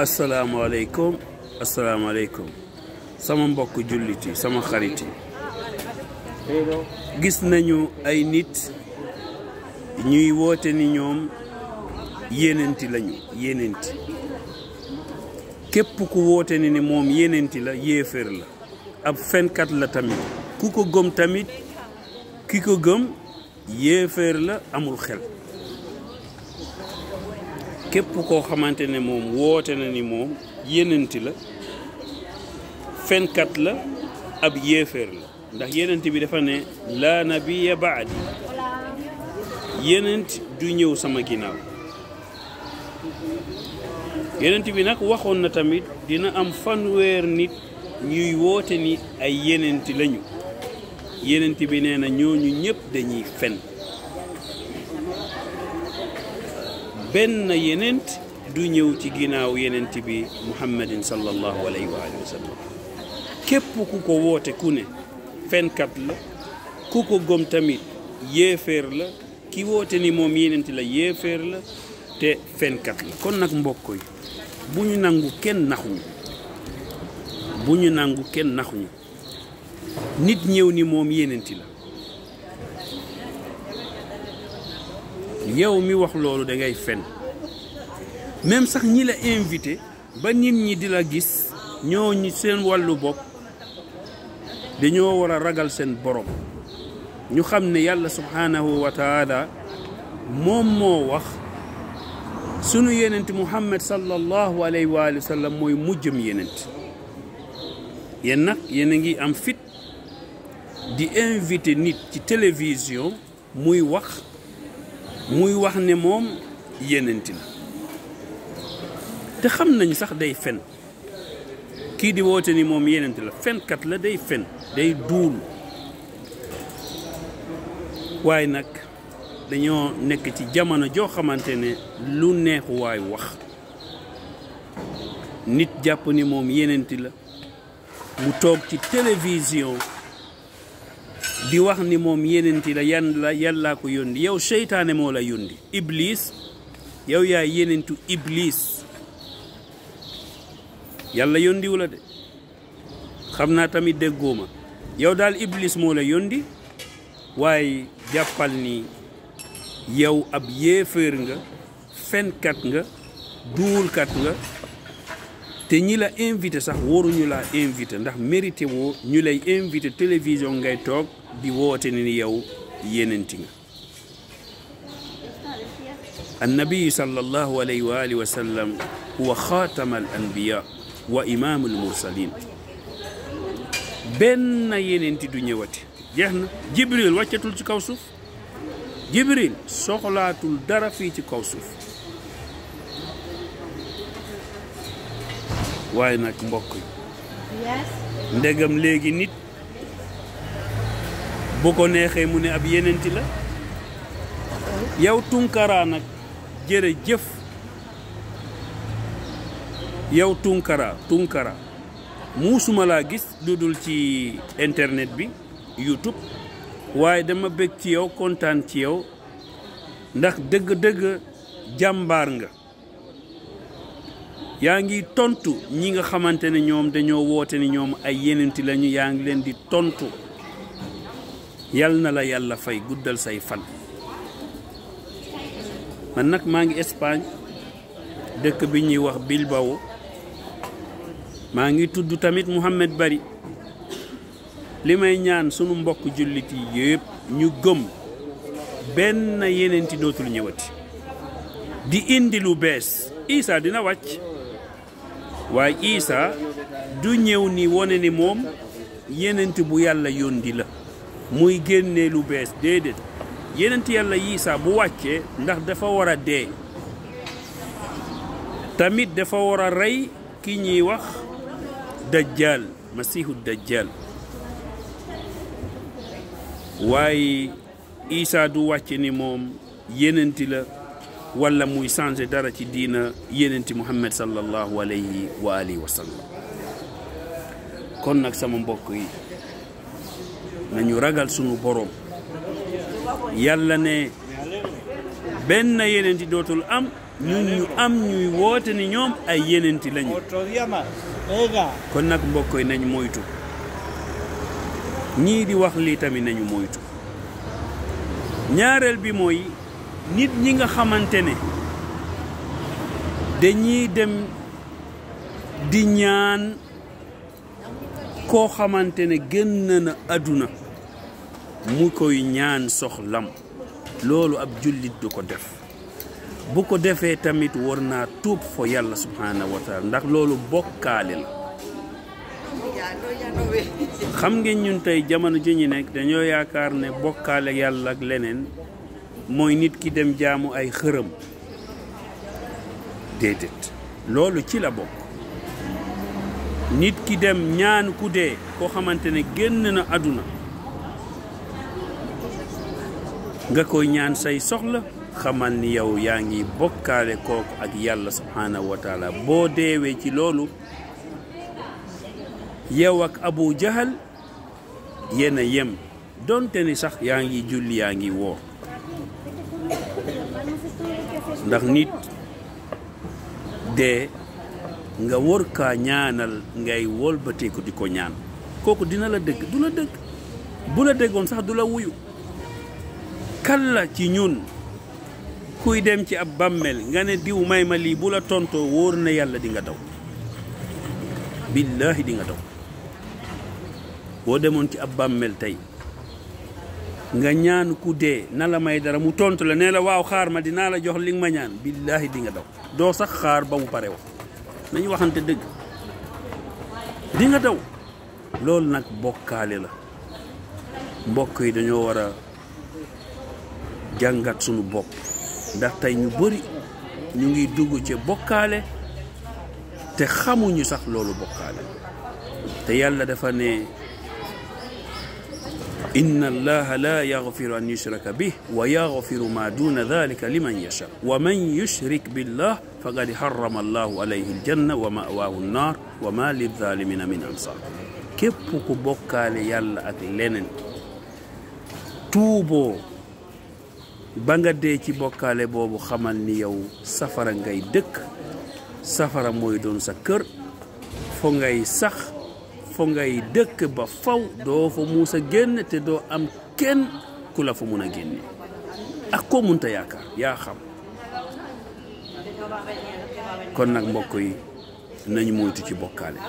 asalaamaaleykum asalaamaaleykum sama mbokk jullit yi sama xariti gis nañu ay nit ñuy woote ni ñoom yénenti lañu yénenti képp ku woote ni ni moom yénenti la yéeféer la ab fenkat la tamit ku ko gëm tamit ki ko gëm yéeféer la amul xel képp koo xamante ne moom woote na ni moom yenanti la fenkat la ab yéeféer la ndax yenanti bi dafa ne laa nabiya baadi yenant du ñëw sama ginnaaw yenant bi nag waxoon na tamit dina am fanweer nit ñuy woote ni ay yenanti lañu yenant bi nee na ñooñu ñëpp dañuy fenn benn yenent du ñëw ci ginnaaw yeneent bi muhammadin sallallahu alayhi wa alihi wa sallam képp ku ko woote ku ne fenkat la ku ko gom tamit yéeféer la ki woote ni moom yenent la yéeféer la te fenkat la kon nag mbokk yi bu ñu nangu kenn naxuñu bu ñu nangu kenn naxuñu nit ñëw ni moom yenent la yow mi wax loolu dangay fen même sax ñi la invité ba nit ñi di la gis ñoo ñooñu seen wàllu bopp dañoo war a ragal seen boroom ñu xam ne yàlla subhaanahu wa taala moom moo wax sunu yenent muhammad sallallahu alayhi wa sallam mooy mujjëm yenent yéen nag yéen a ngi am fit di invité nit ci télévision muy wax muy wax ne moom yénanti la te xam nañ sax day fen kii di woote ni moom yénanti la fenkat la day fen day duul waaye nag dañoo nekk ci jamono joo xamante ne lu neex waay wax nit jàpp ni moom yeneenti la mu toog ci télévision di wax ni moom yenenti la yan la yàllaa ko yóndi yow seytaane moo la yóndi iblis yow yaay yenentu iblis yàlla yóndiwu la de xam naa tamit déggoo ma yow daal ibliis moo la yóndi waaye jàppal ni yow ab yéeféer nga fenkat nga duulkat nga te ñila invité sax waruñu laa invité ndax mérité woo ñu lay invité télévision ngay toog di woote ni yow yenenti nga annabiyu sallallahu alayhi wa alihi wa sallam huwa xaatama al anbiya wa imaamu al benn yenenti du ñëwati jeex na jibril wàccatul ci kaw suuf jibril soxlaatul dara fii ci kaw suuf waaye nag mbokk yi ndegam léegi nit bu ko neexee mu ne ab yenenti la yow Tunkara nag jërëjëf yow Tunkara Tunkara muusuma laa gis lu dul ci internet bi YouTube waaye dama bég ci yow kontaan ci yow ndax dëgg-dëgg jàmbaar nga yaa ngi tontu ñi nga xamante ne ñoom dañoo woote ni ñoom ay yenenti lañu yaa ngi leen di tontu yal na la yàlla fay guddal say fan man nag maa ngi Espagne dëkk bi ñuy wax Bilbao maa ngi tudd tamit Mouhamed Bari li may ñaan sunu mbokk jullit yi yëpp ñu gëm benn yenenti dootul ñëwati di indi lu bees Isa dina wàcc waaye Isa du ñëw ni wone ni moom yenent bu yàlla yóndi la muy génnee lu bees déedéet yenent yàlla Isa bu wàccee ndax dafa war a dee tamit dafa war a rey ki ñuy wax dajjal masihu dajjal waaye Isa du wàcce ni moom yenenti la wala muy changé dara ci diina yenenti muhammad sallallahu alayhi wa alihi wa sallam kon nag sama mbokk yi nañu ragal sunu borom yàlla ne benn yenenti dootul am ñun ñu am ñuy woote ni ñoom ay yenenti lañu kon nag mbokk yi nañ moytu ñii di wax lii tamit nañu moytu ñaareel bi mooy nit ñi nga xamante ne dañuy dem di ñaan koo xamante ne génn na àdduna mu koy ñaan soxlam loolu ab jullit du ko def bu ko defee tamit war naa tuub fo yàlla subhaanahu wa ndax loolu bokkaale la xam ngeen ñun tey jamono ji ñu nekk dañoo yaakaar ne bokkaale yàlla ak leneen mooy nit ki dem jaamu ay xërëm déedéet loolu ci la bokk nit ki dem ñaan ku dee koo xamante ni génn na àdduna nga koy ñaan say soxla xamal ni yow yaa ngi bokkaale kooku ak yàlla subhaanahu boo deewee ci loolu yow ak abu jaxal yenn yem donte ni sax yaa ngi julli yaa ngi woor ndax nit dee nga war kaa ñaanal ngay wolbateeku di ko ñaan kooku dina la dégg du la dégg bu la déggoon sax du la wuyu kalla ci ñun kuy dem ci ab bàmmeel nga ne diw may ma lii bu la tontoo wóor na yàlla di nga daw billaahi di nga daw boo demoon ci ab bàmmeel tey nga ñaan ku dee na la may dara mu tontu la nee la waaw xaar ma dinaa la jox li nga ma ñaan billaahi di nga daw doo sax xaar ba mu pare wax nañu waxante dëgg di nga daw loolu nag bokkaale la mbokk yi dañoo war a jàngat sunu bopp ndax tey ñu bëri ñu ngi dugg ci bokkaale te xamuñu sax loolu bokkaale te yàlla dafa ne inna allaha la yaghfiru an yushraka bih wa yaghfiru ma duna dhalika liman yasha wa man yushrik billah faqad harrama allahu alayhi aljanna wa ma'wahu annar wa ma lidhalimina min ansar képp ku bokkaale yàlla ak leneen tuuboo ba nga dee ci bokkaale boobu xamal ni yow safara ngay dëkk safara mooy doon sa kër fo ngay sax fa ngay dëkk ba faw doo fa muus a génn te doo am kenn ku la fa mun a génne ak koo munta yaakaar yaa xam kon nag mbokk yi nañu moytu ci bokkaale